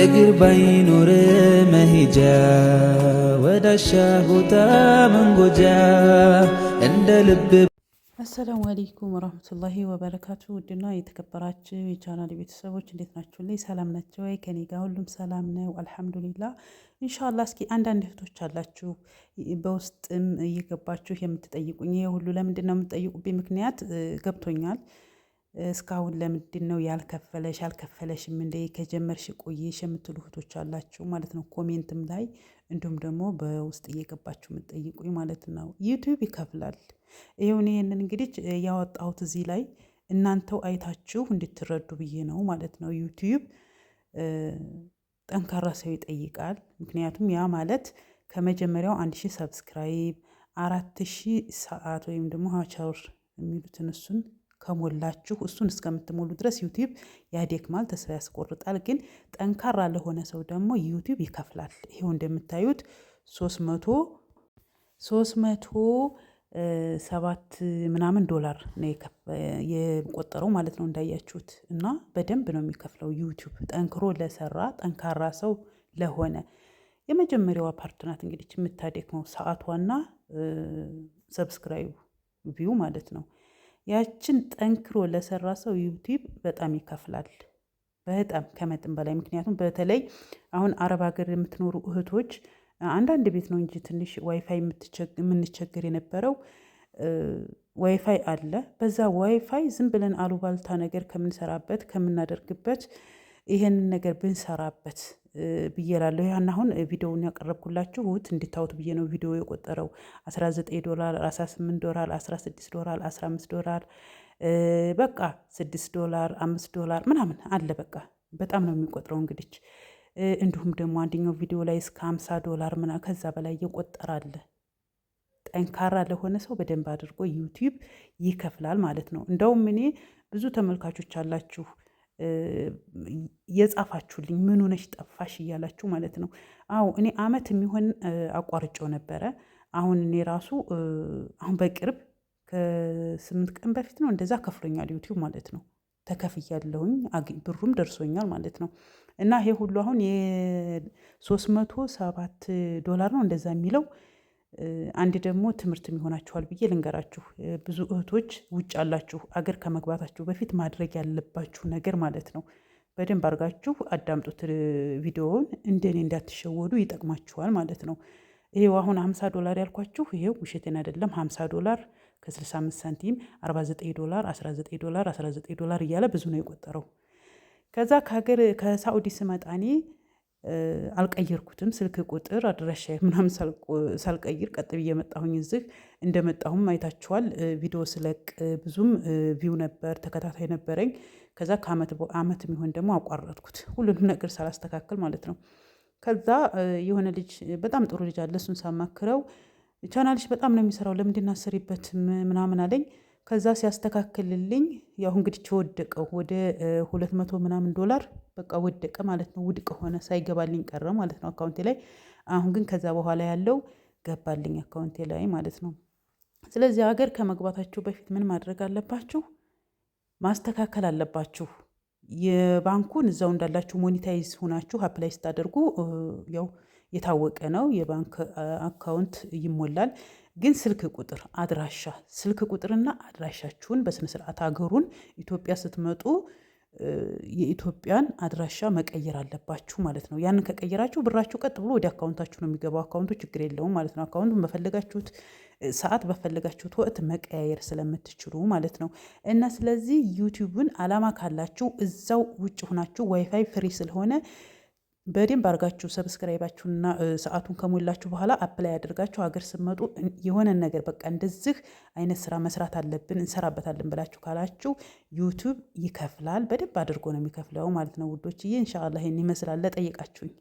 እግር ባይኖር መሄጃ ወዳሻ ቦታ መንጎጃ እንደ ልብ አሰላሙ አለይኩም ወራህመቱላሂ ወበረካቱ። ውድና የተከበራችሁ የቻናል ቤተሰቦች እንዴት ናችሁ? ላይ ሰላም ናቸው ወይ? ከኔ ጋር ሁሉም ሰላም ነው አልሐምዱሊላ። እንሻላ እስኪ አንዳንድ እህቶች አላችሁ በውስጥም እየገባችሁ የምትጠይቁኝ ይህ ሁሉ ለምንድን ነው የምትጠይቁብኝ? ምክንያት ገብቶኛል። እስካሁን ለምንድን ነው ያልከፈለሽ ያልከፈለሽም እንደ ከጀመርሽ ቆየሽ የምትሉ እህቶች አላችሁ ማለት ነው። ኮሜንትም ላይ እንዲሁም ደግሞ በውስጥ እየገባችሁ የምትጠይቁኝ ማለት ነው። ዩቱብ ይከፍላል። ይሁን ይህንን እንግዲህ ያወጣሁት እዚህ ላይ እናንተው አይታችሁ እንድትረዱ ብዬ ነው ማለት ነው። ዩቱብ ጠንካራ ሰው ይጠይቃል። ምክንያቱም ያ ማለት ከመጀመሪያው አንድ ሺህ ሰብስክራይብ አራት ሺህ ሰዓት ወይም ደግሞ ሀቸር የሚሉትን እሱን ከሞላችሁ እሱን እስከምትሞሉ ድረስ ዩቲዩብ ያደክማል፣ ተስፋ ያስቆርጣል። ግን ጠንካራ ለሆነ ሰው ደግሞ ዩቲዩብ ይከፍላል። ይሄው እንደምታዩት 300 መቶ ሰባት ምናምን ዶላር ነው የቆጠረው ማለት ነው እንዳያችሁት። እና በደንብ ነው የሚከፍለው ዩቲዩብ ጠንክሮ ለሰራ ጠንካራ ሰው ለሆነ የመጀመሪያዋ ፓርት ናት እንግዲህ የምታደክመው ሰዓቷና ሰብስክራይብ ቪው ማለት ነው። ያችን ጠንክሮ ለሰራ ሰው ዩቲዩብ በጣም ይከፍላል፣ በጣም ከመጠን በላይ ምክንያቱም በተለይ አሁን አረብ ሀገር የምትኖሩ እህቶች አንዳንድ ቤት ነው እንጂ ትንሽ ዋይፋይ የምንቸገር የነበረው። ዋይፋይ አለ። በዛ ዋይፋይ ዝም ብለን አሉባልታ ነገር ከምንሰራበት ከምናደርግበት ይሄንን ነገር ብንሰራበት ብዬ እላለሁ። ያን አሁን ቪዲዮውን ውት እንድታዩት ብዬ ነው። ቪዲዮ የቆጠረው 19 ዶላር፣ 18 ዶላር፣ 16 ዶላር፣ 15 ዶላር በቃ 6 ዶላር፣ 5 ዶላር ምናምን አለ። በቃ በጣም ነው የሚቆጥረው እንግዲህ እንዲሁም ደግሞ አንደኛው ቪዲዮ ላይ እስከ 50 ዶላር ምና ከዛ በላይ እየቆጠረ አለ። ጠንካራ ለሆነ ሰው በደንብ አድርጎ ዩቲዩብ ይከፍላል ማለት ነው። እንደውም እኔ ብዙ ተመልካቾች አላችሁ የጻፋችሁልኝ ምን ሆነሽ ጠፋሽ እያላችሁ ማለት ነው። አዎ እኔ አመት የሚሆን አቋርጬው ነበረ። አሁን እኔ ራሱ አሁን በቅርብ ከስምንት ቀን በፊት ነው እንደዛ ከፍሎኛል ዩቲዩብ ማለት ነው። ተከፍያለሁኝ ብሩም ደርሶኛል ማለት ነው። እና ይሄ ሁሉ አሁን የሶስት መቶ ሰባት ዶላር ነው እንደዛ የሚለው አንድ ደግሞ ትምህርትም ይሆናችኋል ብዬ ልንገራችሁ። ብዙ እህቶች ውጭ አላችሁ አገር ከመግባታችሁ በፊት ማድረግ ያለባችሁ ነገር ማለት ነው። በደንብ አድርጋችሁ አዳምጡት ቪዲዮውን፣ እንደኔ እንዳትሸወዱ ይጠቅማችኋል ማለት ነው። ይሄው አሁን 50 ዶላር ያልኳችሁ ይሄው ውሸቴን አይደለም። 50 ዶላር ከ65 ሳንቲም 49 ዶላር፣ 19 ዶላር፣ 19 ዶላር እያለ ብዙ ነው የቆጠረው። ከዛ ከሀገር ከሳዑዲ ስመጣኔ አልቀየርኩትም። ስልክ ቁጥር አድራሻ ምናምን ሳልቀይር ቀጥ ብዬ የመጣሁኝ እዚህ እንደመጣሁም አይታችኋል። ቪዲዮ ስለቅ ብዙም ቪው ነበር፣ ተከታታይ ነበረኝ። ከዛ ከአመት አመት የሚሆን ደግሞ አቋረጥኩት፣ ሁሉንም ነገር ሳላስተካከል ማለት ነው። ከዛ የሆነ ልጅ በጣም ጥሩ ልጅ አለ። እሱን ሳማክረው ቻናልሽ በጣም ነው የሚሰራው ለምንድናሰሪበት አሰሪበት ምናምን አለኝ። ከዛ ሲያስተካክልልኝ ያሁ እንግዲህ ወደቀው ወደ ሁለት መቶ ምናምን ዶላር በቃ ወደቀ ማለት ነው። ውድቅ ሆነ፣ ሳይገባልኝ ቀረ ማለት ነው አካውንቴ ላይ። አሁን ግን ከዛ በኋላ ያለው ገባልኝ አካውንቴ ላይ ማለት ነው። ስለዚህ ሀገር ከመግባታችሁ በፊት ምን ማድረግ አለባችሁ? ማስተካከል አለባችሁ። የባንኩን እዛው እንዳላችሁ ሞኒታይዝ ሆናችሁ አፕላይ ስታደርጉ ያው የታወቀ ነው። የባንክ አካውንት ይሞላል። ግን ስልክ ቁጥር፣ አድራሻ፣ ስልክ ቁጥርና አድራሻችሁን በስነስርዓት ሀገሩን ኢትዮጵያ ስትመጡ የኢትዮጵያን አድራሻ መቀየር አለባችሁ ማለት ነው። ያንን ከቀየራችሁ ብራችሁ ቀጥ ብሎ ወደ አካውንታችሁ ነው የሚገባው። አካውንቱ ችግር የለውም ማለት ነው። አካውንቱን በፈለጋችሁት ሰዓት በፈለጋችሁት ወቅት መቀያየር ስለምትችሉ ማለት ነው። እና ስለዚህ ዩቲዩብን አላማ ካላችሁ እዛው ውጭ ሆናችሁ ዋይፋይ ፍሪ ስለሆነ በደንብ አድርጋችሁ ሰብስክራይባችሁና ሰዓቱን ከሞላችሁ በኋላ አፕላይ አድርጋችሁ ሀገር ስትመጡ የሆነን ነገር በቃ እንደዚህ አይነት ስራ መስራት አለብን እንሰራበታለን ብላችሁ ካላችሁ ዩቱብ ይከፍላል። በደንብ አድርጎ ነው የሚከፍለው ማለት ነው ይህ እንሻላ ይህን ይመስላል። ለጠየቃችሁኝ